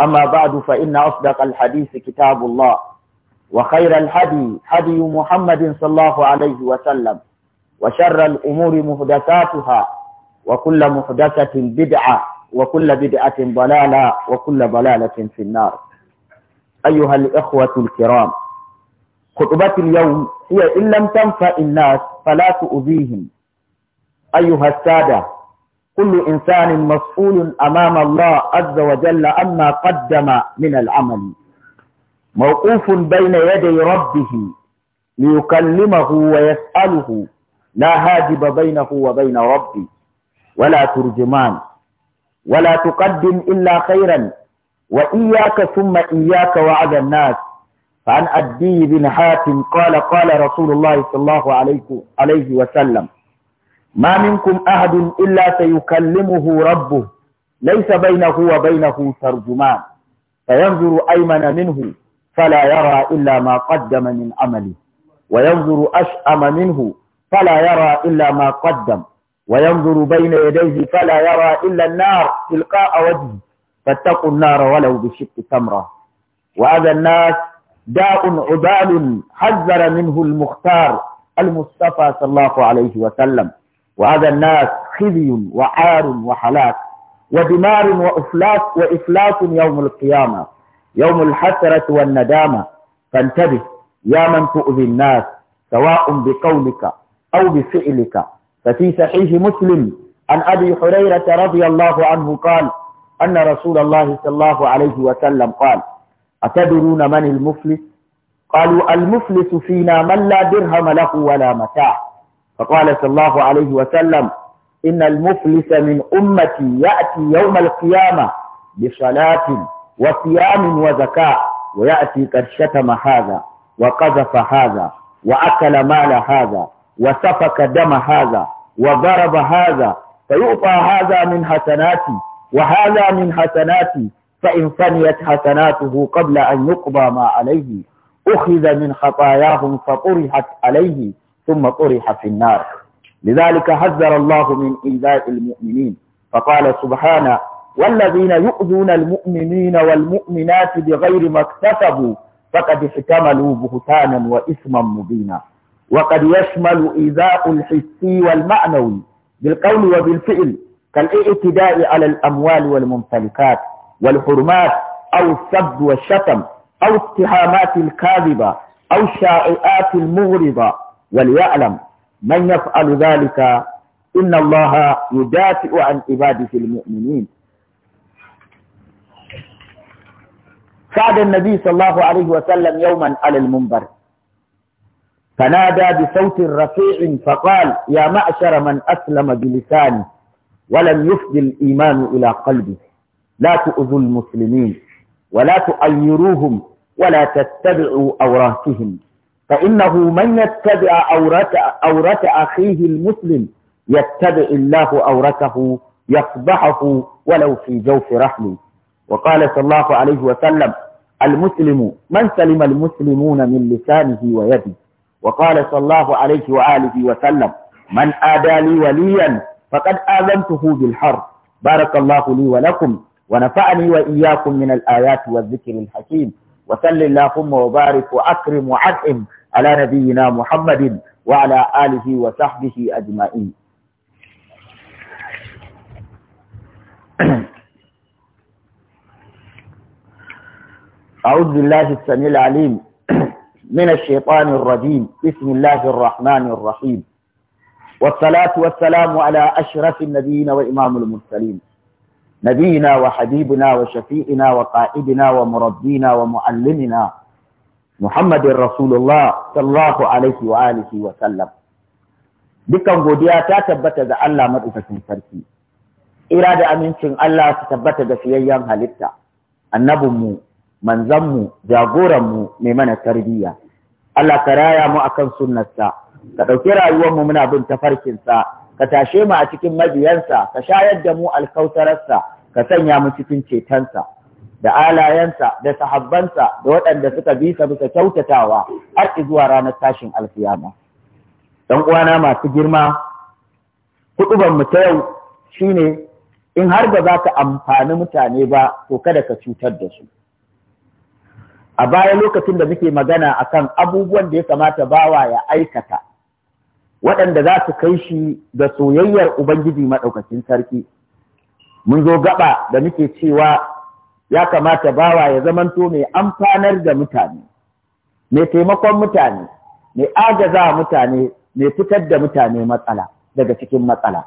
أما بعد فإن أصدق الحديث كتاب الله وخير الحدي حدي محمد صلى الله عليه وسلم وشر الأمور مهدساتها وكل مهدسة بدعة وكل بدعة ضلالة وكل ضلالة في النار أيها الإخوة الكرام خطبة اليوم هي إن لم تنفع الناس فلا تؤذيهم أيها السادة كل إنسان مسؤول أمام الله عز وجل أما قدم من العمل موقوف بين يدي ربه ليكلمه ويسأله لا هاجب بينه وبين ربه ولا ترجمان ولا تقدم إلا خيرا وإياك ثم إياك وعد الناس فعن أبي بن حاتم قال قال رسول الله صلى الله عليه وسلم ما منكم أحد إلا سيكلمه ربه ليس بينه وبينه ترجمان فينظر أيمن منه فلا يرى إلا ما قدم من عمله وينظر أشأم منه فلا يرى إلا ما قدم وينظر بين يديه فلا يرى إلا النار تلقاء وجهه فاتقوا النار ولو بشق تمرة وهذا الناس داء عبال حذر منه المختار المصطفى صلى الله عليه وسلم وهذا الناس خزي وعار وحلاك ودمار وإفلاس وإفلاس يوم القيامة يوم الحسرة والندامة فانتبه يا من تؤذي الناس سواء بقولك أو بفعلك ففي صحيح مسلم عن أبي هريرة رضي الله عنه قال أن رسول الله صلى الله عليه وسلم قال أتدرون من المفلس قالوا المفلس فينا من لا درهم له ولا متاع فقال صلى الله عليه وسلم إن المفلس من أمتي يأتي يوم القيامة بصلاة وصيام وزكاة ويأتي قد شتم هذا وقذف هذا وأكل مال هذا وسفك دم هذا وضرب هذا فيؤفى هذا من حسناتي وهذا من حسناتي فإن فنيت حسناته قبل أن يقضى ما عليه أخذ من خطاياهم فطرحت عليه ثم طرح في النار لذلك حذر الله من إيذاء المؤمنين فقال سبحانه والذين يؤذون المؤمنين والمؤمنات بغير ما اكتسبوا فقد احتملوا بهتانا وإثما مبينا وقد يشمل إيذاء الحسي والمعنوي بالقول وبالفعل كالاعتداء على الأموال والممتلكات والحرمات أو السب والشتم أو اتهامات الكاذبة أو الشائعات المغرضة وليعلم من يفعل ذلك إن الله يدافع عن عباده المؤمنين سعد النبي صلى الله عليه وسلم يوما على المنبر فنادى بصوت رفيع فقال يا معشر من أسلم بلسانه ولم يفد الإيمان إلى قلبه لا تؤذوا المسلمين ولا تؤيروهم ولا تتبعوا أوراتهم فإنه من يتبع أورث عورة أخيه المسلم يتبع الله عورته يفضحه ولو في جوف رحمه وقال صلى الله عليه وسلم المسلم من سلم المسلمون من لسانه ويده وقال صلى الله عليه وآله وسلم من آدى لي وليا فقد آذنته بالحرب بارك الله لي ولكم ونفعني وإياكم من الآيات والذكر الحكيم وسل اللهم وبارك وأكرم وعنئم على نبينا محمد وعلى آله وصحبه أجمعين أعوذ بالله السميع العليم من الشيطان الرجيم بسم الله الرحمن الرحيم والصلاة والسلام على أشرف النبيين وإمام المرسلين نبينا وحبيبنا وشفيئنا وقائدنا ومربينا ومعلمنا محمد رسول الله صلى الله عليه وآله وسلم Dukkan godiya ta tabbata ga Allah madaukakin sarki ira da amincin Allah su tabbata ga fiyayyen halitta annabinmu manzanmu jagoranmu mai mana tarbiyya Allah ka raya mu akan sunnarsa ka ɗauki rayuwarmu muna bin tafarkinsa ka tashe mu a cikin mabiyansa ka shayar da mu alkautararsa ka sanya mu cikin cetonsa da alayensa da sahabbansa da waɗanda suka bi sa bisa kyautatawa har zuwa ranar tashin alfiyama. ɗan uwana masu girma kuɗuban mu ta yau shine in har ba za ka amfani mutane ba to kada ka cutar da su a baya lokacin da muke magana akan abubuwan da ya kamata bawa ya aikata waɗanda za su kai shi ga soyayyar Ubangiji maɗaukacin sarki. Mun zo gaba da muke cewa ya kamata bawa ya zamanto mai amfanar da mutane, mai taimakon mutane, mai agaza mutane, mai fitar da mutane matsala daga cikin matsala.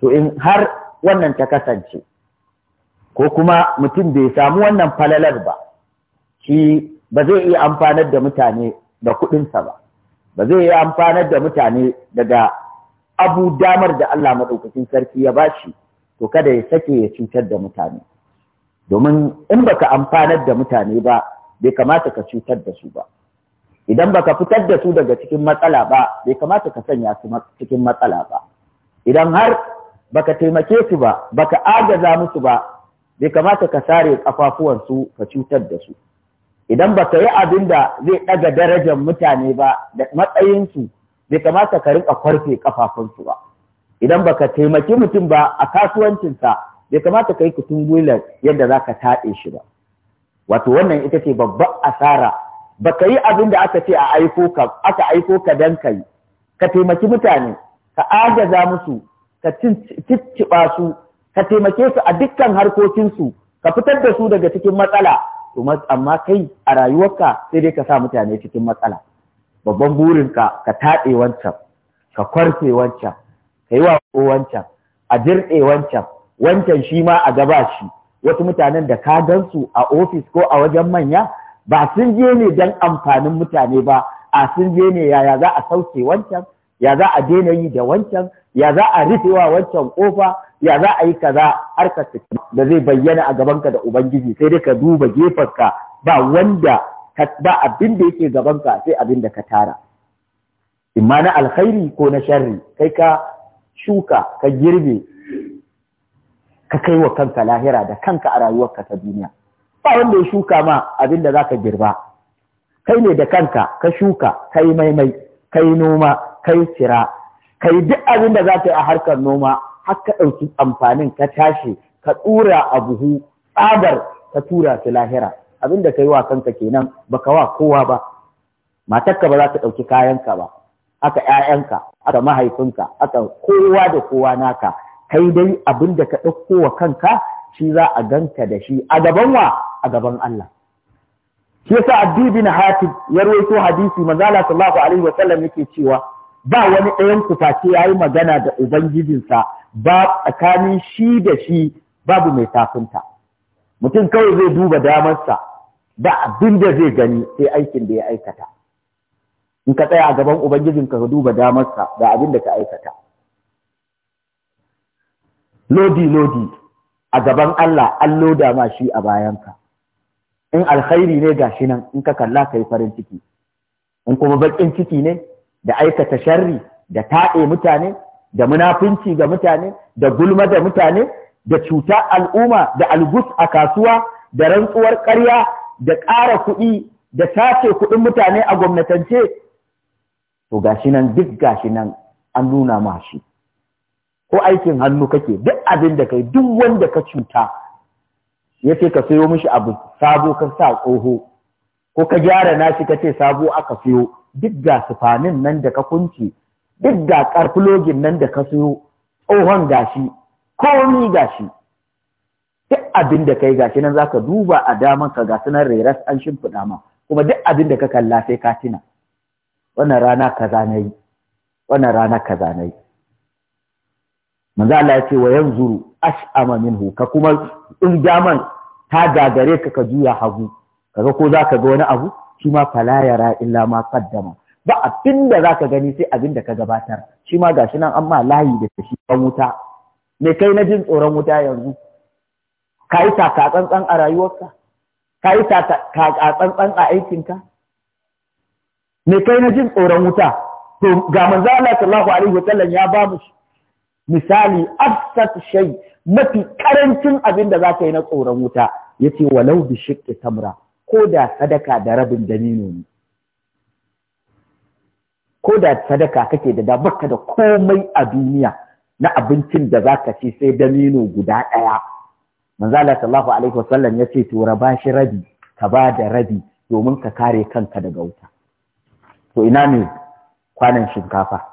To in har wannan ta kasance, ko kuma mutum bai samu wannan falalar ba, shi ba zai iya amfanar da mutane da kuɗinsa ba. ba zai yi amfanar da mutane daga abu damar da Allah maɗaukakin sarki ya bashi to kada ya sake ya cutar da mutane domin in baka amfanar da mutane ba bai kamata ka cutar da su ba idan baka fitar da su daga cikin matsala ba bai kamata ka sanya su cikin matsala ba idan har baka taimake su ba baka agaza musu ba bai kamata ka sare kafafuwansu ka cutar da su idan ba ka yi abin da zai ɗaga darajar mutane ba da matsayinsu bai kamata ka rinka kwarfe kafafunsu ba idan ba ka taimaki mutum ba a kasuwancinsa bai kamata ka yi kutun gwilar yadda za ka taɗe shi ba wato wannan ita ce babban asara ba ka yi abin da aka ce a aiko ka aka aiko ka dan ka yi ka taimaki mutane ka agaza musu ka cicciɓa su ka taimake su a dukkan harkokinsu ka fitar da su daga cikin matsala amma kai a rayuwarka sai dai ka sa mutane cikin matsala babban burinka ka taɗe wancan ka kwarfe wancan ka yi wako wancan a dirɗe wancan wancan shi ma a gaba shi wasu mutanen da ka gansu a ofis ko a wajen manya ba sun je ne don amfanin mutane ba a sun je ne yaya za a sauke wancan ya za a daina yi da wancan ya za a rufe wa wancan kofa ya za a yi kaza harkar da zai bayyana a gabanka da ubangiji sai dai ka duba ka ba wanda ba abin da yake gabanka sai abin da ka tara imma na alkhairi ko na sharri kai ka shuka ka girbe ka kai wa kanka lahira da kanka a rayuwarka ta duniya ba wanda ya shuka ma abin da za ka girba kai ne da kanka ka shuka ka yi maimai ka yi noma kai sira kai duk abin da za ka yi a harkar noma har ka ɗauki amfanin ka tashi ka tsura a buhu tsabar ka tura su lahira abin da ka yi wa kanka kenan baka wa kowa ba matarka ba za ta ɗauki kayanka ba aka ‘ya'yanka aka mahaifinka aka kowa da kowa naka kai dai abin da ka ɗauko wa kanka shi za a ganka da shi a gaban wa a gaban Allah shi yasa Abdi bin Hatib ya ruwaito hadisi manzo Allah sallallahu alaihi wa sallam yake cewa ba wani ɗayan ku ya yi magana da ubangijinsa ba tsakanin shi da shi babu mai tafinta mutum kawai zai duba damarsa da abin da zai gani sai aikin da ya aikata in ka tsaya a gaban ubangijin ka duba damarsa da abin da ka aikata lodi lodi a gaban Allah an loda ma shi a bayanka in alkhairi ne ga shi nan in ka kalla ka yi farin ciki in kuma baƙin ciki ne da aikata sharri da taɗe mutane da munafunci ga mutane da gulma da mutane da cuta al'umma da algus a kasuwa da rantsuwar ƙarya da ƙara kuɗi da sace kuɗin mutane a gwamnatance to gashi nan duk gashi nan an nuna ma shi ko aikin hannu kake duk abin da kai duk wanda ka cuta ya ce ka sayo mishi abu sabo ka sa tsoho ko ka gyara nashi ka ce sabo aka siyo duk ga sufanin nan da ka kunce duk ga karfulogin nan da ka siyo tsohon gashi komi gashi duk abin da kai gashi nan zaka duba a daman ka gasu nan reras an shimfiɗa ma kuma duk abin da ka kalla sai ka tina wannan rana kaza na yi wannan rana kaza na yi manzo Allah ya ce wa yanzuru ash'ama minhu ka kuma in daman ta gagare ka ka juya hagu kaga ko za ka ga wani abu shi ma fala yara illa ma kaddama ba abin da za ka gani sai abin da ka gabatar shi ma gashi nan an ma layi da shi a wuta me kai na jin tsoron wuta yanzu ka yi tsantsan a rayuwarka ka yi tsantsan a aikinka me kai na jin tsoron wuta to ga manzo Allah sallallahu alaihi sallam ya ba mu misali afsat shay mafi karancin abin da za ka yi na tsoron wuta yace walau bi shiqqi tamra ko da sadaka da rabin damino ne ko da sadaka kake da baka da komai a duniya na abincin da za ka ci sai damino guda ɗaya manzala sallallahu alaihi wasallam ya ce tura ba shi rabi ka ba da rabi domin ka kare kanka daga wuta to ina ne kwanan shinkafa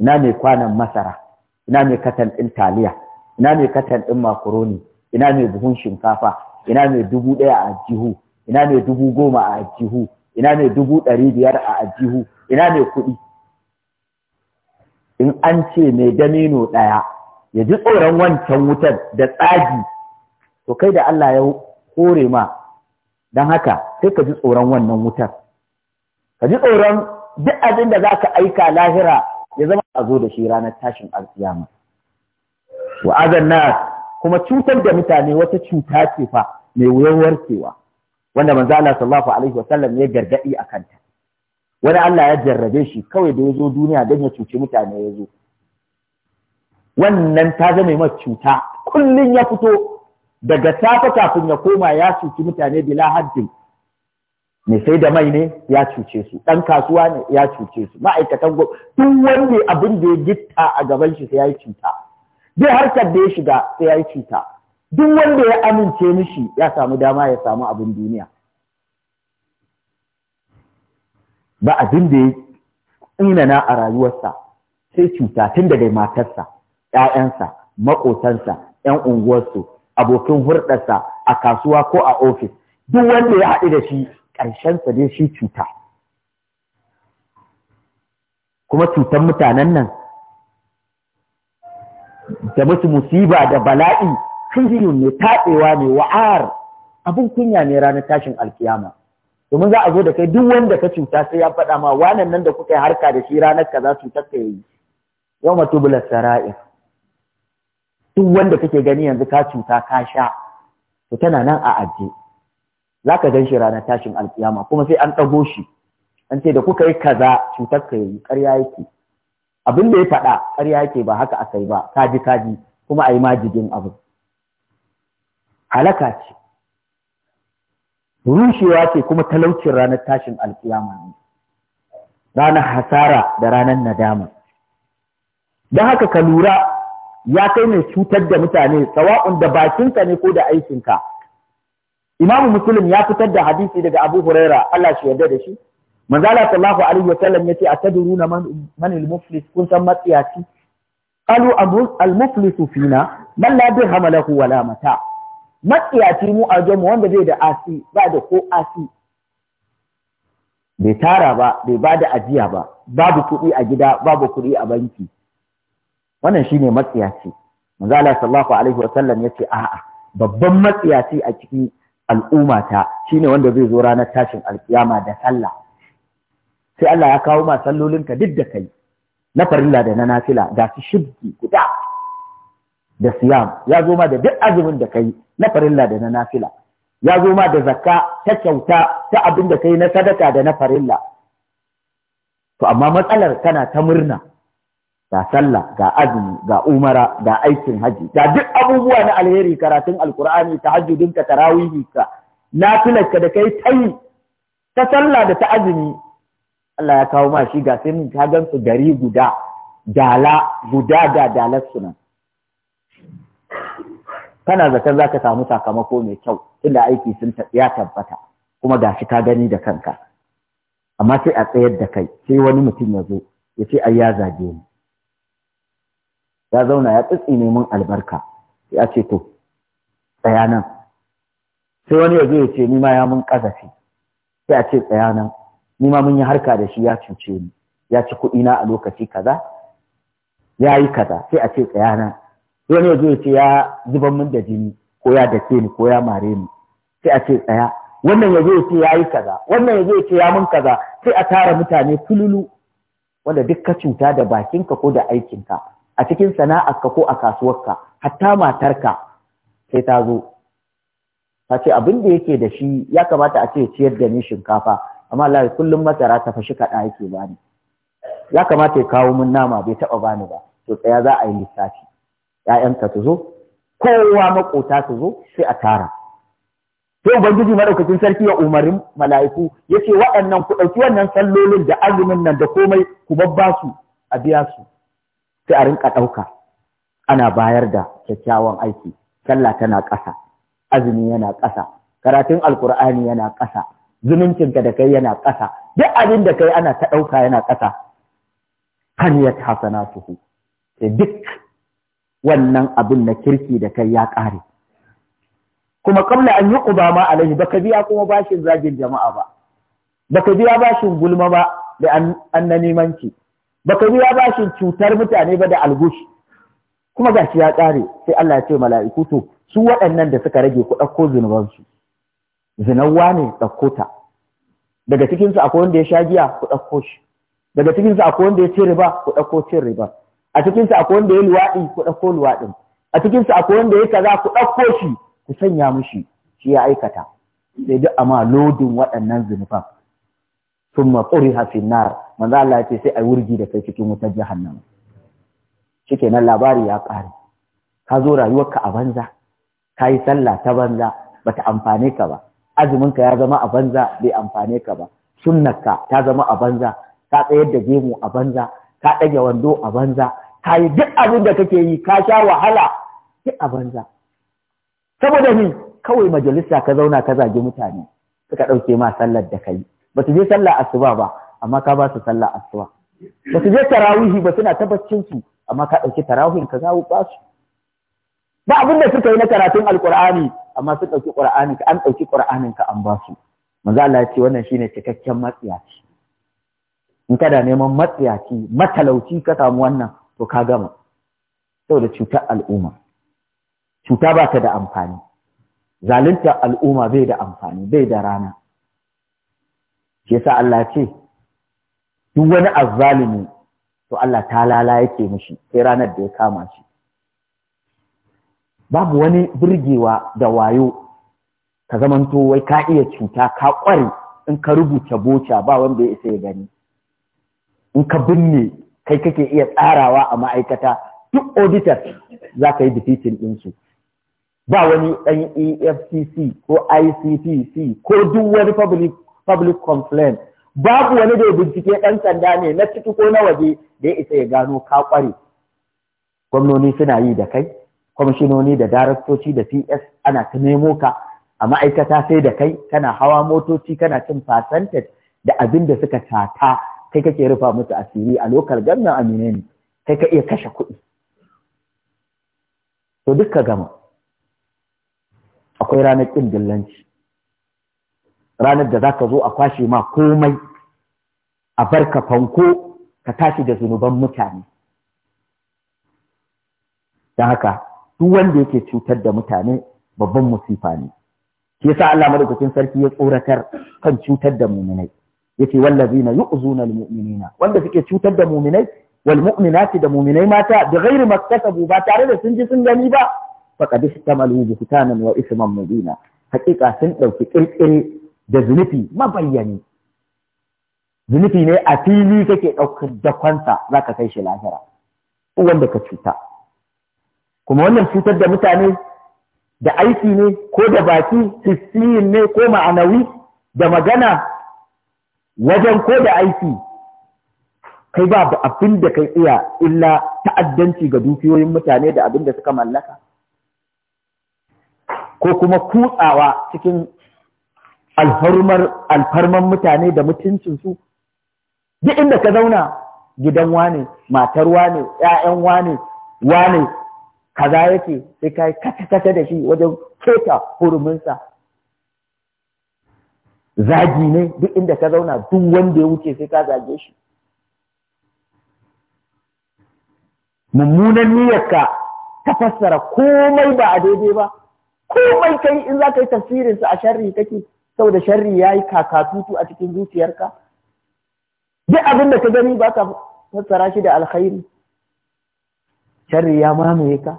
ina ne kwanan masara ina ne katan ɗin taliya ina ne katan ɗin makaroni ina ne buhun shinkafa ina ne dubu ɗaya a jihu ina ne dubu goma a ajihu ina ne dubu ɗari biyar a ajihu ina ne kuɗi in an ce mai damino ɗaya ya ji tsoron wancan wutar da tsagi to kai da Allah ya kore ma don haka sai ka ji tsoron wannan wutar ka ji tsoron duk abin da za ka aika lahira ya zama a zo da shi ranar tashin alkiyama wa na kuma cutar da mutane wata cuta ce fa mai wuyan warkewa wanda manzo Allah sallallahu alaihi wasallam ya gargadi a kanta wani Allah ya jarrabe shi kawai da ya zo duniya dan ya cuci mutane yazo wannan ta zama mai cuta kullum ya fito daga safe kafin ya koma ya cuci mutane bila haddi ne sai da mai ne ya cuce su Dan kasuwa ne ya cuce su ma'aikatan go duk wanda abin da ya gitta a gaban shi sai ya yi cuta dai harkar da ya shiga sai ya yi cuta duk wanda ya amince mishi ya samu dama ya samu abin duniya ba abin da ya tsinana a rayuwarsa sai cuta tun daga matarsa ‘ya'yansa maƙotansa ‘yan unguwarsu abokin hurɗarsa a kasuwa ko a ofis duk wanda ya haɗu da shi ƙarshensa dai shi cuta kuma cutar mutanen nan da musu musiba da bala'i khizyun ne tatsewa ne wa'ar abin kunya ne ranar tashin alkiyama domin za a zo da kai duk wanda ka cuta sai ya faɗa ma wanan nan da kuka yi harka da shi ranar kaza cutar ka yi yau matubular sara'in duk wanda kake gani yanzu ka cuta ka sha to tana nan a ajiye za ka gan shi ranar tashin alkiyama kuma sai an ɗago shi an ce da kuka yi kaza cutar ka yi ƙarya yake abin da ya faɗa ƙarya yake ba haka aka yi ba kaji kaji kuma a yi majigin abu halaka ce rushewa ce kuma talaucin ranar tashin alkiyama ne ranar hasara da ranar nadama don haka ka lura ya kai mai cutar da mutane tsawa'un da bakinka ne ko da aikinka imamu muslim ya fitar da hadisi daga abu huraira Allah shi yarda da shi manzala sallahu alaihi wasallam yace atadruna man man al-muflis kun san matsiyaci qalu al-muflisu fina man la dirham lahu wala mata' matsiyaci mu a mu wanda zai da asi ba da ko asi bai tara ba bai ba da ajiya ba babu kuɗi a gida babu kuɗi a banki wannan shine matsiyaci manzo Allah sallallahu alaihi wa sallam yace a'a babban matsiyaci a cikin al'ummata shine wanda zai zo ranar tashin alkiyama da sallah sai Allah ya kawo ma sallolinka duk da kai na farilla da na nafila ga su shibki guda da siyam ya zo ma da duk azumin da kai na farilla da na nafila ya zo ma da zakka ta kyauta ta abin da kai na sadaka da na farilla to amma matsalar tana ta murna ga sallah ga azumi ga umara ga aikin haji ga duk abubuwa na alheri karatun alkur'ani ka. tarawihinka ka da kai tayi ta sallah da ta azumi Allah ya kawo ma shi ga sai mun ka gansu gari guda dala guda ga dalar sunan kana zaton za ka samu sakamako mai kyau inda aiki sun ya tabbata kuma ga shi ka gani da kanka amma sai a tsayar da kai sai wani mutum ya zo ya ce ai ya zage ni ya zauna ya tsitsi neman albarka ya ce to tsaya nan sai wani ya zo ya ce ni ma ya mun kazafi sai a ce tsaya nan ni ma mun yi harka da shi ya cuce ni ya ci kuɗi na a lokaci kaza ya yi kaza sai a ce tsaya nan wani yazo ya ce ya zuban min da jini ko ya dake ni ko ya mare ni sai a ce tsaya wannan yazo ce ya yi kaza wannan yazo ya ce ya mun kaza sai a tara mutane kululu. wanda duk ka cuta da bakinka ko da aikinka a cikin sana'arka ko a kasuwarka hatta matarka sai ta zo ta ce abin da yake da shi ya kamata a ce ciyar da ni shinkafa amma Allah ya kullum masara ta fashi kaɗa yake bani ya kamata ya kawo min nama bai taɓa bani ba to tsaya za a yi lissafi yayanka su zo kowa maƙota su zo sai a tara sai ubangiji maɗaukacin sarki ya umarin mala'iku ce waɗannan ku ɗauki wannan sallolin da azumin nan da komai ku babba su a biya su sai a rinka ɗauka ana bayar da kyakkyawan aiki sallah tana ƙasa azumi yana ƙasa karatun alkur'ani yana ƙasa zumuncinka da kai yana ƙasa duk abin da kai ana ta ɗauka yana ƙasa kan ya hasana suhu sai duk wannan abin na kirki da kai ya ƙare kuma Kamla an yi ƙuba ma alaihi ka biya kuma bashin zagin jama'a ba Ba ka biya bashin gulma ba da Ba ka biya bashin cutar mutane ba da algushi kuma gashi ya ƙare sai Allah ya ce mala'iku to su waɗannan da suka rage ku ɗauko zinawa ne ɗauko ta daga cikinsu akwai wanda ya sha giya ku ɗauko shi daga cikinsu akwai wanda ya ci riba ku ɗauko cin riba a cikin sa akwai wanda ya luwaɗi ku ɗauko luwaɗin a cikin sa akwai wanda ya kaza ku ɗauko shi ku sanya mushi shi ya aikata sai duk amma lodin waɗannan zunuban Sun quriha fi nar manzo Allah ya sai ai wurgi da kai cikin wutar nan. shikenan labari ya ƙare ka zo rayuwarka a banza ka yi sallah ta banza bata amfane ka ba azuminka ya zama a banza bai amfane ka ba sunnarka ta zama a banza ka tsayar da gemu a banza ka ɗage wando a banza ka yi duk abin da kake yi ka sha wahala duk a banza saboda ni kawai majalisa ka zauna ka zagi mutane suka ɗauke ma sallar da kai ba su je sallar asuba ba amma ka ba su sallar asuba ba su je tarawihi ba suna tabbacin su amma ka ɗauki tarawihin ka zawo ba su ba abin da suka yi na karatun alkur'ani amma sun ɗauki ƙur'ani ka an ɗauki ƙur'anin ka an ba su manzo Allah ya ce wannan shine cikakken matsiyaci in kada neman matsiyaci matalauci ka samu wannan to ka gama saboda cutar al'umma cuta ba ta da amfani zaluntar al'umma bai da amfani bai da rana Ke sa Allah ce duk wani azzalimi to Allah ta lala yake mishi sai ranar da ya kama shi babu wani burgewa da wayo ka zamanto wai ka iya cuta ka kware in ka rubuta boca ba wanda ya isa ya gani in ka binne kai kake iya tsarawa a ma'aikata duk auditor za ka yi defeating ɗinsu ba wani ɗan efcc ko icpc ko duk wani public, public complaint babu wani da bincike ɗan sanda ne na ciki ko na waje da ya isa ya gano ka ƙware gwamnoni suna yi da kai kwamishinoni da daraktoci da CS ana ta nemo ka a ma'aikata sai da kai kana hawa motoci kana cin fasantar da abin da suka tata kai kake rufa musu asiri a lokal gannan amine ne kai ka iya kashe kuɗi to duk ka gama akwai ranar ƙin dillanci ranar da za ka zo a kwashe ma komai a bar ka fanko ka tashi da zunuban mutane Da haka duk wanda yake cutar da mutane babban musifa ne shi yasa Allah madaukakin sarki ya tsoratar kan cutar da muminai yace wallazina yu'zuna almu'minina wanda suke cutar da mu'minai wal mu'minati da mu'minai mata da ghairi maktasabu ba tare da sun ji sun gani ba faqad istamalu buhtanan wa isman mubina hakika sun dauki kirkire da zunufi mabayyani zunufi ne a fili kake daukar da kwanta zaka kai shi lahira wanda ka cuta kuma wannan cutar da mutane da aiki ne ko da baki hissiyin ne ko ma'anawi da magana wajen ko da aiki kai ba abin da kai iya illa ta'addanci ga dukiyoyin mutane da abin da suka mallaka ko kuma kutsawa cikin alfarman mutane da mutuncinsu duk inda ka zauna gidan wane matar wane ‘ya'yan wane wane kaza yake sai kai kace kata da shi wajen keta huruminsa zagi ne duk inda ka zauna duk wanda ya wuce sai ka zage shi mummunan niyyarka ta fassara komai ba a daidai ba komai kai in za ka yi tafsirinsa a sharri kake saboda sharri ya yi kakatutu a cikin zuciyarka duk abin da ka gani ba ka fassara shi da alkhairi sharri ya mamaye ka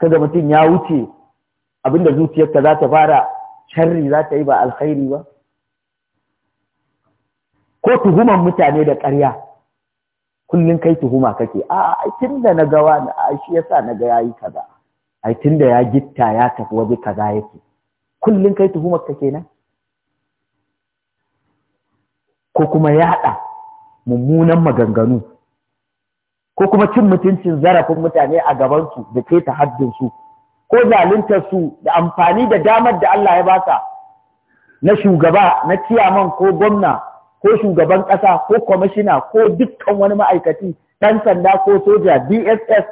kaga mutum ya wuce abin da zuciyarka za ta fara sharri za ta yi ba alkhairi ba ko tuhuman mutane da ƙarya kullum kai tuhuma kake a aikin da na gawa na a shi yasa na ga yayi kaza ai da ya gitta ya tafi waje kaza yake kullum kai tuhumar kake nan? ko kuma yaɗa mummunan maganganu ko kuma cin mutuncin zarafin mutane a gabansu da ke ta haddinsu ko zaluntar su da amfani da damar da Allah ya basa na shugaba na ciyaman ko gwamna ko shugaban ƙasa ko kwamishina ko dukkan wani ma'aikaci ɗan sanda ko soja dss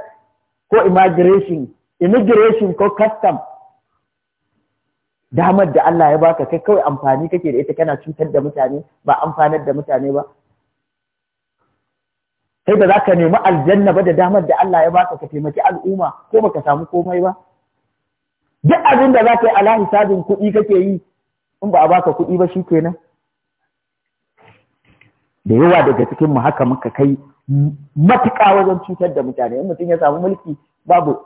ko immigration immigration ko custom damar da Allah ya baka kai kawai amfani kake da ita kana cutar da mutane ba amfanar da mutane ba sai da za ka nemi aljanna ba da damar da Allah ya baka ka taimaki al'umma ko baka samu komai ba duk abin da za ka yi ala hisabin kuɗi kake yi in ba a baka kuɗi ba shi kenan da yawa daga cikin mu haka muka kai matuƙa wajen cutar da mutane in mutum ya samu mulki babu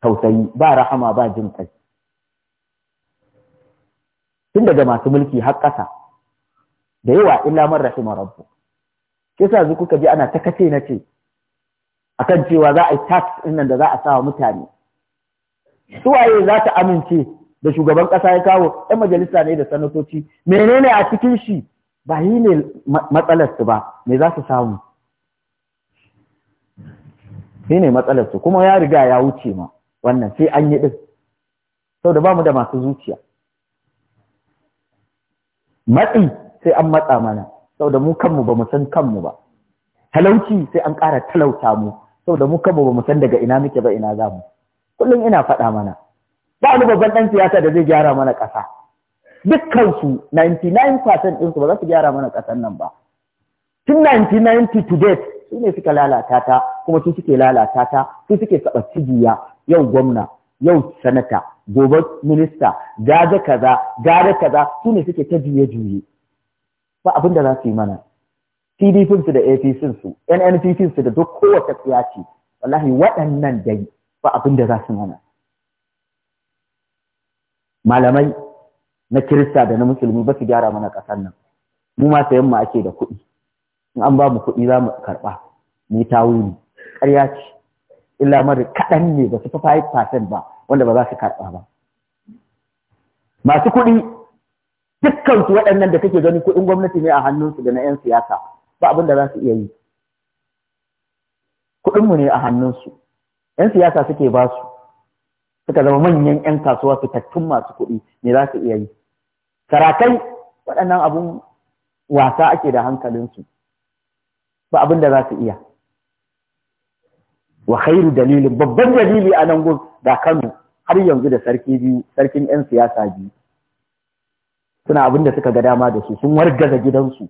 tausayi ba rahama ba jin kai tun daga masu mulki har ƙasa da yawa illa man rahima rabbu kisa zu kuka ji ana ta kace na ce kan cewa za a yi tax din nan da za a sawa mutane suwaye za ta amince da shugaban ƙasa ya kawo ‘yan majalisa ne da sanatoci menene a cikin shi ba yi ne matsalarsu ba me za su samu shi ne matsalarsu kuma ya riga ya wuce ma wannan sai an yi ɗin sau da ba mu da masu zuciya matsi sai an matsa mana sau da mu kanmu ba mu san kanmu ba talauci sai an ƙara talauta mu sau da mu kanmu ba mu san daga ina muke ba ina za mu kullum ina faɗa mana ba wani babban ɗan siyasa da zai gyara mana ƙasa dukkansu 99% ɗinsu ba za su gyara mana ƙasar nan ba tun 1990 to date su ne suka lalata ta kuma su suke lalata ta su suke saba cibiya yau gwamna yau sanata gobe minista gaza kaza gaza kaza su ne suke ta juye juye ba abin da za su yi mana PDP su da APC su nnpc su da duk kowace siyasi wallahi waɗannan dai ba abin da za su mana malamai na kirista da na musulmi ba su gyara mana ƙasar nan mu ma sayan mu ake da kuɗi in an ba mu kuɗi za mu karɓa mu tawuri ƙarya ce illa mara kaɗan ne ba su fi 5% ba wanda ba za su karɓa ba masu kuɗi dukkansu waɗannan da kake gani kuɗin gwamnati ne a hannunsu da na 'yan siyasa ba abin da za su iya yi kuɗinmu ne a hannunsu 'yan siyasa suke ba su suka zama manyan 'yan kasuwa fitattun masu kuɗi me za su iya yi sarakai waɗannan abun wasa ake da hankalinsu ba abin da za su iya wa khairu dalilin babban dalili a nan gun da Kano har yanzu da sarki biyu sarkin 'yan siyasa biyu suna abin da suka ga dama da su sun wargaza gidansu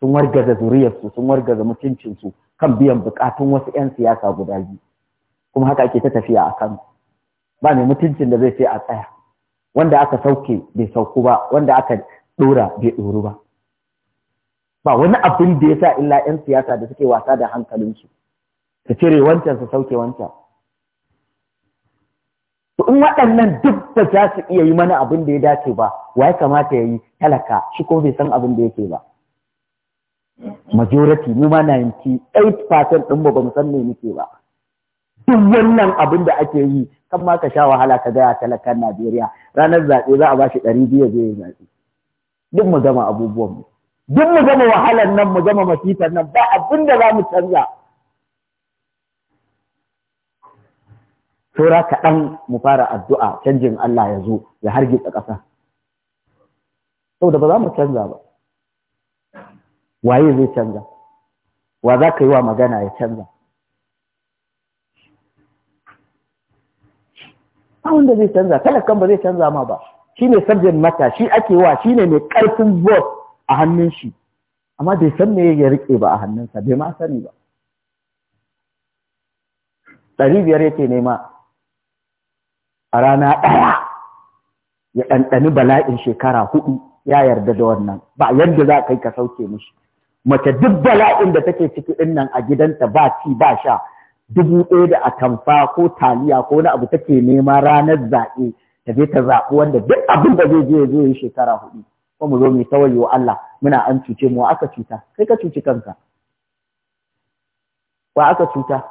sun wargaza zuriyarsu sun wargaza mutuncinsu kan biyan bukatun wasu 'yan siyasa guda biyu kuma haka ake ta tafiya a Kano ba mai mutuncin da zai ce a tsaya wanda aka sauke bai sauku ba wanda aka dora bai doru ba ba wani abin da yasa illa yan siyasa da suke wasa da hankalinsu su cire wancan su sauke wancan to in waɗannan duk da za su iya yi mana abin da ya dace ba wa ya kamata ya yi talaka shi ko bai san abin da yake ba majority mu ma 98% ɗin ba mu san me muke ba duk wannan abin da ake yi kan ma ka sha wahala ka gaya talakan Najeriya ranar zaɓe za a ba shi ɗari biyu zai zaɓe duk mu zama abubuwan mu duk mu zama wahalar nan mu zama masifar nan ba abin da za mu canza saura kaɗan mu fara addu'a canjin Allah ya zo ya hargitsa ƙasa saboda ba za mu canza ba waye zai canza wa za ka yi wa magana ya canza ba wanda zai canza talakan ba zai canza ma ba shine sabjin mata shi ake wa ne mai karfin bot a hannun shi amma bai san me ya rike ba a hannunsa bai ma sani ba ɗari biyar yake nema a rana ɗaya ya ɗanɗani bala'in shekara hudu ya yarda da wannan ba yadda za ka yi ka sauke mishi mace duk bala'in da take ciki ɗin nan a gidanta ba ci ba sha dubu ɗaya da atamfa ko taliya ko wani abu take nema ranar zaɓe ta je ta zaɓi wanda duk abin da zai je zai yi shekara hudu ko mu zo mu tawaye wa Allah muna an cuce mu aka cuta kai ka cuci kanka wa aka cuta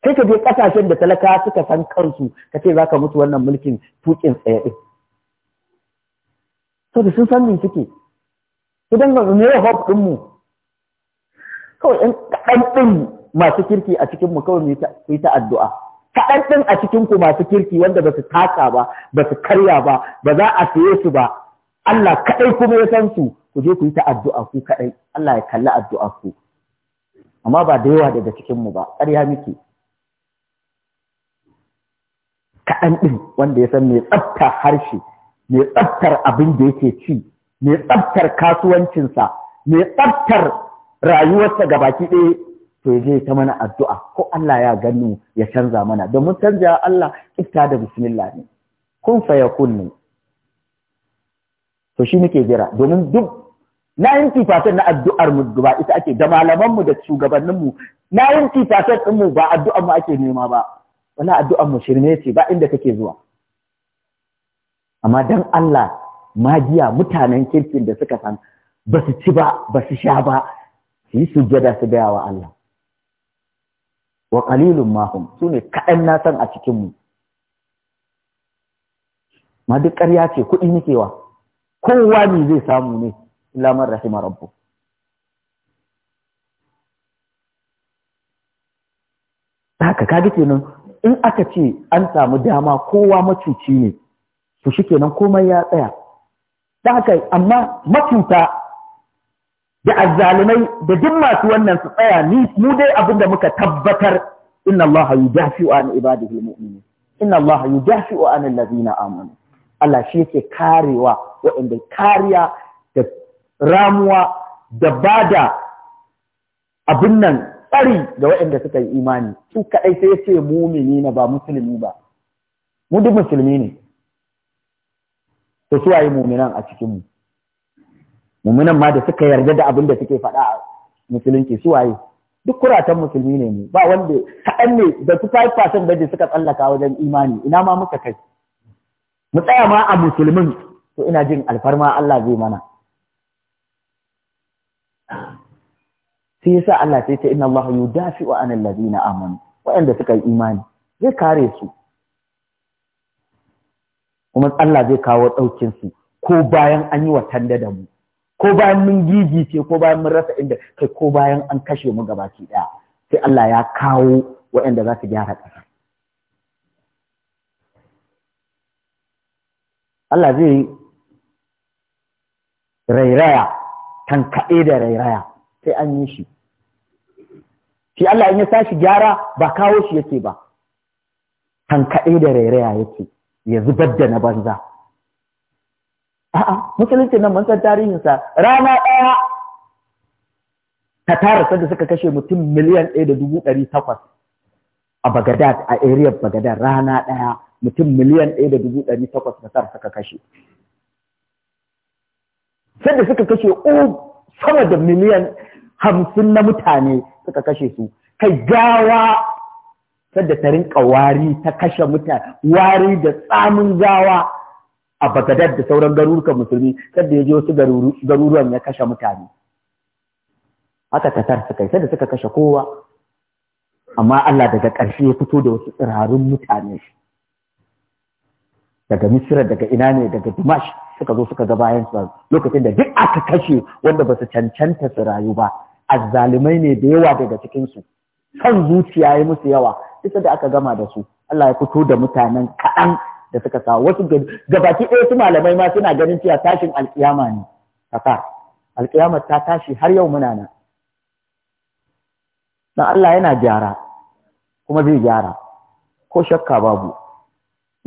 kai ka je kasashen da talaka suka san kansu ka ce za ka mutu wannan mulkin tukin tsaye ɗin to da sun san me suke idan ga ne hope din mu kawai ɗan kaɗan ɗin masu kirki a cikin mu kawai mu ta addu'a kaɗan ɗin a cikin ku masu kirki wanda ba su taka ba ba su karya ba ba za a siye su ba Allah kaɗai kuma ya san su ku je ku yi ta addu'a ku kaɗai Allah ya kalli addu'a ku amma ba da yawa daga cikin mu ba ƙarya muke kaɗan ɗin wanda ya san mai tsafta harshe mai tsaftar abin da yake ci mai tsaftar kasuwancinsa mai tsaftar rayuwarsa ga baki ɗaya to je ta mana addu'a ko Allah ya gani ya canza mana domin canja Allah ifta da bismillah ne kun fa ne to shi muke jira domin duk 90% na addu'ar mu ba ita ake da malaman mu da shugabannin mu yin din mu ba addu'ar mu ake nema ba wala addu'ar mu shirme ce ba inda kake zuwa amma dan Allah magiya mutanen kirkin da suka san ba su ci ba ba su sha ba su yi sujjada su gaya wa Allah wa qalilun ma su ne kaɗan na san a cikinmu. mu ma duk ƙarya ce kuɗi nake wa kowa ne zai samu ne lamar rahima rabbu haka kaga kenan in aka ce an samu dama kowa macuci ne to kenan komai ya tsaya da haka amma macuta da azzalumai da duk masu wannan su tsaya ni mu dai abin da muka tabbatar inna Allah yudafi'u an ibadihi almu'minin inna Allah yudafi'u an allazina amanu Allah shi yake karewa waɗanda kariya da ramuwa da bada abin nan tsari ga waɗanda suka yi imani su kaɗai sai ce mumini na ba musulmi ba mu duk musulmi ne to su waye muminan a mu. mummunan ma da suka yarda da abin da suke faɗa a musulunci su waye duk kuratan musulmi ne mu ba wanda kaɗan ne da su 5% da suka tsallaka wajen imani ina ma muka kai mu tsaya ma a musulmin to ina jin alfarma Allah zai mana sai yasa Allah sai ya ce inna Allah yudafi'u na ladina amanu waɗanda suka yi imani zai kare su kuma Allah zai kawo ɗaukin su ko bayan an yi watan da mu ko bayan mun gigice ko bayan mun rasa inda kai ko bayan an kashe mu ki daya. sai Allah ya kawo waɗanda za su gyara ƙasa Allah zai rairaya tankaɗe da rairaya sai an yi shi shi Allah in ya shi gyara ba kawo shi yake ba tankaɗe da rairaya yake ya zubar da na banza a'a musulunci nan mun san tarihinsa rana ɗaya tara da suka kashe mutum miliyan ɗaya da dubu ɗari takwas a Bagadad a area Bagadad rana ɗaya mutum miliyan ɗaya da dubu ɗari takwas tara suka kashe. Sai da suka kashe o sama da miliyan hamsin na mutane suka kashe su kai gawa sadda ta rinka wari ta kashe mutane wari da tsamin gawa a Bagadad da sauran garurukan musulmi sadda ya je wasu garuruwan ya kashe mutane Aka Qatar suka sai da suka kashe kowa amma Allah daga ƙarshe ya fito da wasu tsirarun mutane daga Misira daga ina ne daga Dimash suka zo suka ga bayan su lokacin da duk aka kashe wanda ba su cancanta su rayu ba azzalumai ne da yawa daga cikinsu. su kan zuciya ya musu yawa isa da aka gama da su Allah ya fito da mutanen kaɗan da suka kawo wasu gabaki ɗaya su malamai ma suna ganin cewa tashin alƙiyama ne kaka alƙiyama ta tashi har yau muna nan dan Allah yana gyara kuma zai gyara ko shakka babu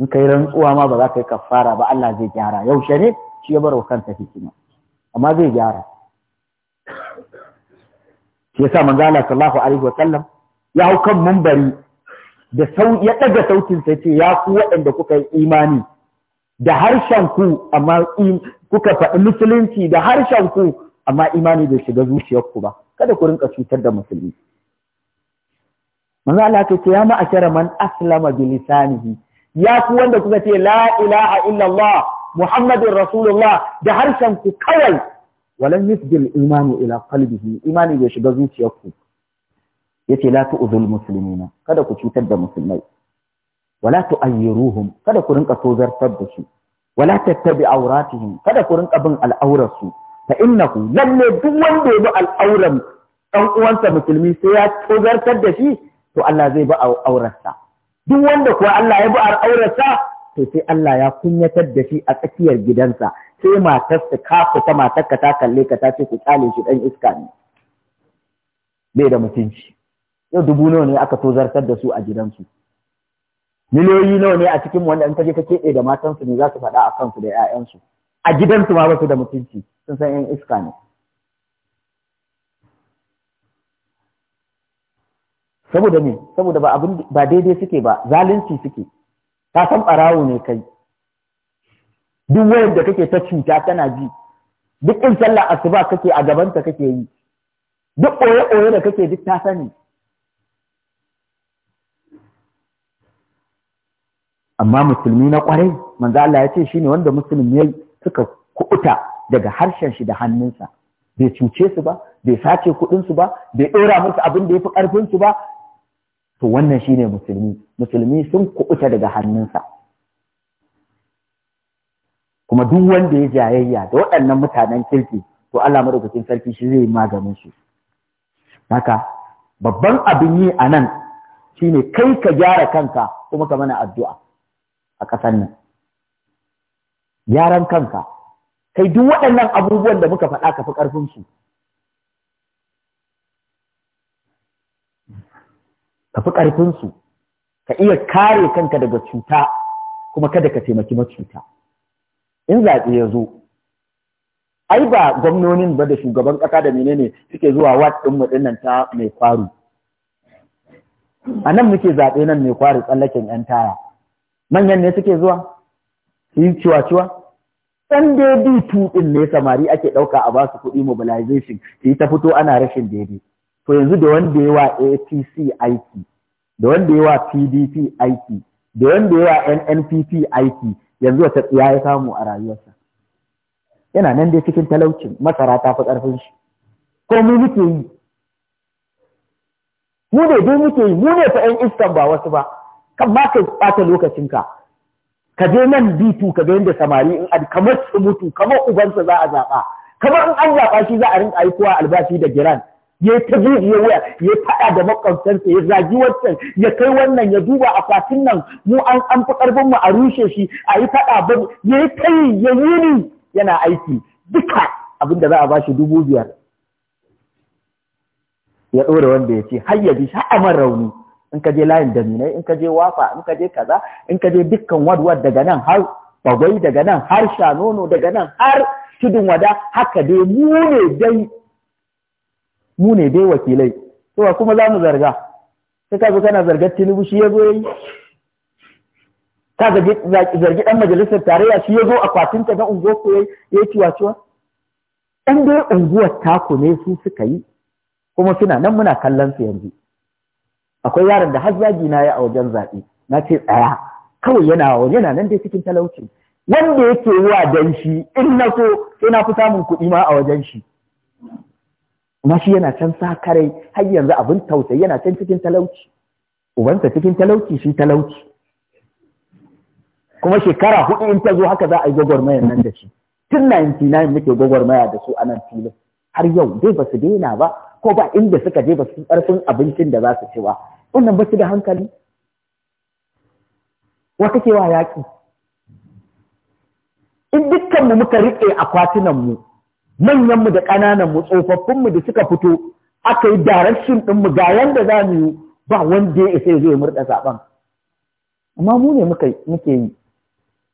in kai rantsuwa ma ba za ka yi kafara ba Allah zai gyara yaushe ne shi ya bar wa kanta hikima amma zai gyara shi yasa manzo Allah sallallahu alaihi wa sallam ya hau kan mumbari. da ya ɗaga sautin sai ce ya ku waɗanda kuka yi imani da harshen ku amma kuka faɗi musulunci da harshen ku amma imani bai shiga zuciyarku ba kada ku rinka cutar da musulmi manzo Allah ce ya ma'ashara man aslama bi lisanihi ya ku wanda kuka ce la ilaha illallah muhammadin rasulullah da harshen ku kawai walan yusbil imani ila qalbihi imani bai shiga zuciyarku yace la tu'zul muslimina kada ku cutar da musulmai wala tu'ayyiruhum kada ku rinka tozartar da su wala tattabi auratihim kada ku rinka bin al'aurar su fa innahu lalle duk wanda ya bi al'auran dan uwansa musulmi sai ya tozartar da shi to Allah zai bi aurarsa duk wanda kuwa Allah ya bi aurarsa to sai Allah ya kunyatar da shi a tsakiyar gidansa sai matarsa ka fita matarka ta kalle ka ta ce ku kyale shi dan iska ne bai da mutunci yau dubu nawa ne aka tozartar da su a gidansu miliyoyi nawa ne a cikin wanda in ka je ka keɓe da matansu ne za su faɗa a kansu da 'ya'yansu a gidansu ma ba su da mutunci sun san 'yan iska ne saboda ne, saboda ba abin ba daidai suke ba zalunci suke ka san ɓarawo ne kai duk wayar da kake ta cuta kana ji duk in sallah asuba kake a gabanta kake yi duk ɓoye-ɓoye da kake duk ta sani amma musulmi na kwarai manzo Allah ya ce shine wanda musulmi suka kuɓuta daga harshen shi da hannunsa bai cuce su ba bai sace kuɗin su ba bai ɗora musu abin da ya fi ƙarfin su ba to wannan shine musulmi musulmi sun kuɓuta daga hannunsa kuma duk wanda ya jayayya da waɗannan mutanen kirki to Allah madaukakin sarki shi zai maganin su haka babban abin yi a nan shine kai ka gyara kanka kuma ka mana addu'a a ƙasar nan gyaran kanka kai duk waɗannan abubuwan da muka faɗa kafi ƙarfinsu kafi ƙarfinsu ka iya kare kanka daga cuta kuma kada ka taimaki macuta in zaɓe ya zo ai ba gwamnonin ba da shugaban ƙasa da menene suke zuwa wat ɗin mu ɗinnan ta mai kwaru a nan muke zaɓe nan mai kwaru tsallaken 'yan taya manyan ne suke zuwa su yi ciwa-ciwa ɗan daidai tuɗin ne samari ake ɗauka a basu kuɗi mobilization su yi ta fito ana rashin daidai to yanzu da wanda ya wa apc aiki da wanda ya wa pdp aiki da wanda ya wa nnpp aiki yanzu wata tsiya ya samu a rayuwarsa yana nan dai cikin talaucin masara ta fi ƙarfin shi ko mu muke yi mu ne dai muke yi mu ne fa 'yan iskan ba wasu ba kan ma ka ɓata lokacinka ka je nan bitu ka ga yadda samari in ad kamar su mutu kamar ubansa za a zaɓa kamar in an zaɓa shi za a rinka aikowa albashi da giran ya yi ta ya waya ya faɗa da makwabtansa ya zagi wancan ya kai wannan ya duba akwatin nan mu an an fi ƙarfin mu a rushe shi a yi faɗa ba ya yi yi ya yi ni, yana aiki duka abin da za a bashi dubu biyar ya ɗora wanda ya ce har ya bi sha'amar rauni in ka je layin daminai in ka je wafa in ka je kaza in ka je dukkan wadwad daga nan har bagwai daga nan har shanono daga nan har tudun wada haka dai mu ne dai mu ne dai wakilai to kuma za mu zarga sai ka zo kana zargar tinubu shi ya zo yayi ka zargi ɗan majalisar tarayya shi ya zo ta na unguwar ko ya yi ciwa-ciwa? ɗan dai unguwar taku ne su suka yi kuma suna nan muna kallon su yanzu akwai yaron da har zagi na ya a wajen zaɓe na ce tsaya kawai yana wa yana nan dai cikin talauci wanda yake wa dan shi in na so sai na fi samun kuɗi ma a wajen shi kuma shi yana can sakarai har yanzu abin tausayi yana can cikin talauci ubansa cikin talauci shi talauci kuma shekara hudu in ta zo haka za a yi gwagwarmaya nan da shi tun 99 muke gwagwarmaya da su a nan filin har yau dai ba su daina ba ko ba inda suka je ba su ƙarfin abincin da za su ci ba wannan ba su da hankali wata wa yaƙi in dukkanmu muka riƙe manyan mu da mu tsofaffin mu da suka fito aka yi direction mu ga yanda za mu yi ba wanda ya isa ya zo ya murɗa zaɓen amma mu ne muke yi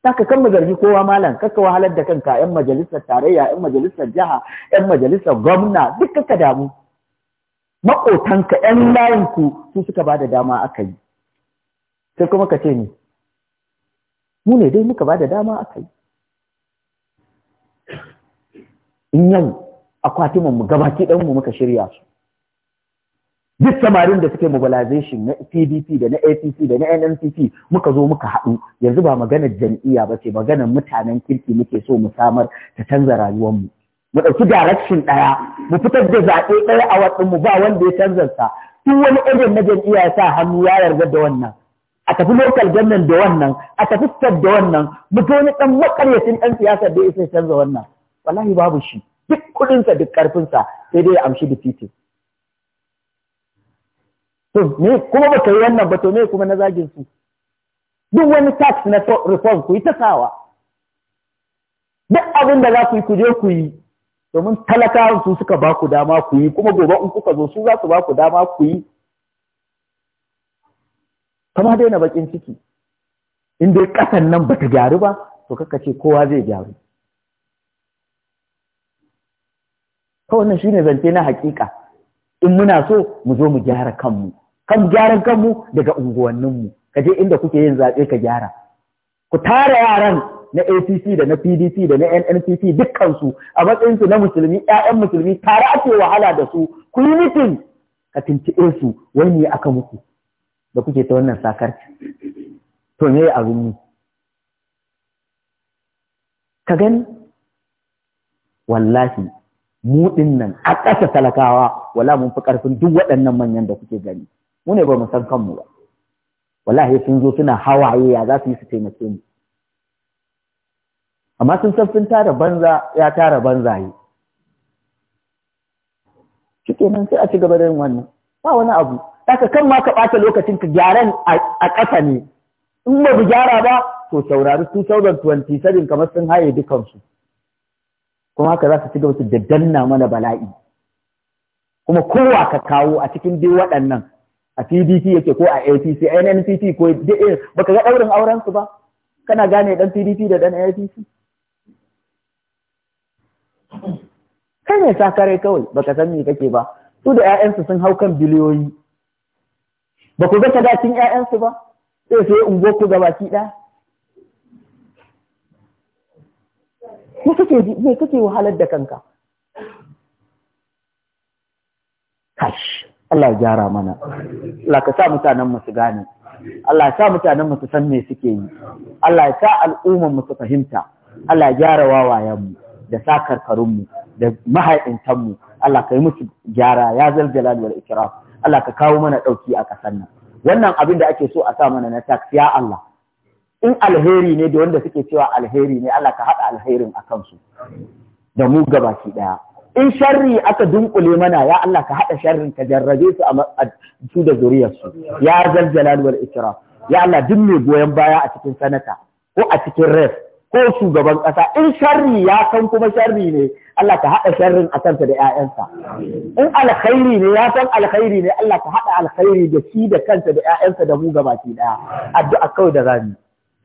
Saka kan mu zargi kowa malam kaka wahalar da kanka yan majalisar tarayya yan majalisar jiha yan majalisar gwamna duk kaka damu maƙotanka yan layinku su suka ba da dama aka yi sai kuma ka ce ni mu ne dai muka ba da dama aka yi in yau akwatimanmu gabaki ɗanmu muka shirya su duk samarin da suke mobilization na PDP da na APC da na NNPP muka zo muka haɗu yanzu ba magana jam'iyya ba ce magana mutanen kirki muke so mu samar ta canza rayuwar mu ɗauki direction ɗaya mu fitar da zaɓe ɗaya a watsin mu ba wanda ya canza sa duk wani irin na jam'iyya ya sa hannu ya yarda da wannan a tafi local government da wannan a tafi state da wannan mu ga wani ɗan makaryacin ɗan siyasa da ya canza wannan wallahi babu shi duk kuɗinsa duk ƙarfinsa sai dai ya amshi da titin to me kuma ba ta yi wannan ba to me kuma na zagin su duk wani tax na reform ku yi ta sawa duk abin da za ku yi ku ku yi domin talakawan su suka ba ku dama ku yi kuma gobe in kuka zo su za su ba ku dama ku yi kama daina bakin ciki in dai kasan nan ta gyaru ba to kaka kowa zai gyaru kawai shine zance na hakika in muna so mu zo mu gyara kanmu kan gyaran kanmu daga unguwanninmu ka je inda kuke yin zaɓe ka gyara ku tara yaran na APC da na PDP da na NNPP dukkansu a matsayinsu na musulmi ƴaƴan musulmi tare ake wahala da su ku yi mitin ka tuntuɓe su wani aka muku da kuke ta wannan sakarci to me a rumi ka gani wallahi mu nan a ƙasa talakawa wala mun fi ƙarfin duk waɗannan manyan da kuke gani mu ne ba mu san kanmu ba wallahi sun zo suna hawaye ya za su yi su taimake mu amma sun san sun tara banza ya tara banzaye nan sai a ci gaba da yin wannan ba wani abu saka kan ma ka ɓata lokacin ka gyaran a ƙasa ne in ba bu gyara ba to saurari 2027 kamar sun haye su. kuma haka za su ci gaba su daddanna mana bala'i kuma kowa ka kawo a cikin dai waɗannan a PDP yake ko a APC NNPP ko baka ga ɗaurin auren su ba kana gane ɗan PDP da ɗan APC kai ne sakare kawai baka san me kake ba su da 'ya'yansu sun hau kan biliyoyi ba ku ga sadakin 'ya'yansu ba sai sai ungo ku ki ɗaya me kake me kake wahalar da kanka Kashi. Allah ya gyara mana Allah ka sa mutanen mu su gane Allah ya sa mutanen mu su san me suke yi Allah ya sa al'umman mu su fahimta Allah ya gyara wawayen mu da sakarkarun mu da mahaifintanmu. mu Allah ka yi musu gyara ya zal jalal wal ikraf. Allah ka kawo mana dauki a kasan nan wannan abin da ake so a sa mana na tax ya Allah in alheri ne da wanda suke cewa alheri ne Allah ka haɗa alherin a kansu da mu gabaki ɗaya in sharri aka dunkule mana ya Allah ka haɗa sharrin ka jarrabe su a su da zuriyarsu ya zal jalal wal ikram ya Allah duk mai goyon baya a cikin sanata ko a cikin ref ko shugaban ƙasa in sharri ya san kuma sharri ne Allah ka haɗa sharrin a kansa da ƴaƴansa in alkhairi ne ya san alkhairi ne Allah ka haɗa alkhairi da shi da kansa da ƴaƴansa da mu gabaki ɗaya addu'a kawai da rami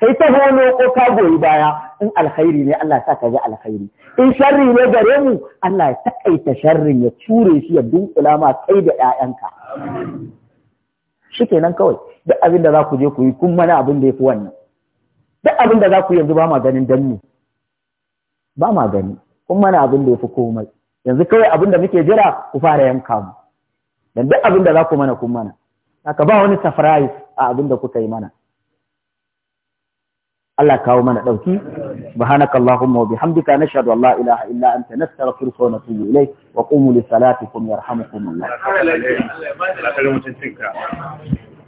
kai ta hono ko ka goyi baya in alkhairi ne Allah sa ka ga alkhairi in sharri ne gare mu Allah ya takaita sharrin ya ture shi ya dunkula ma kai da ƴaƴanka shikenan kawai duk abin da za ku je ku yi kun mana abin da yafi wannan duk abin da za ku yanzu ba ma ganin danni ba ma gani kun mana abin da yafi komai yanzu kawai abin da muke jira ku fara yanka mu dan duk abin da za ku mana kun mana haka ba wani surprise a abin da kuka yi mana Allah kawo mana ɗauki subhanaka allahumma wa bihamdika nashhadu an la ilaha illa anta nastaghfiruka wa natubu ilayk wa qumu li salatikum yarhamukumullah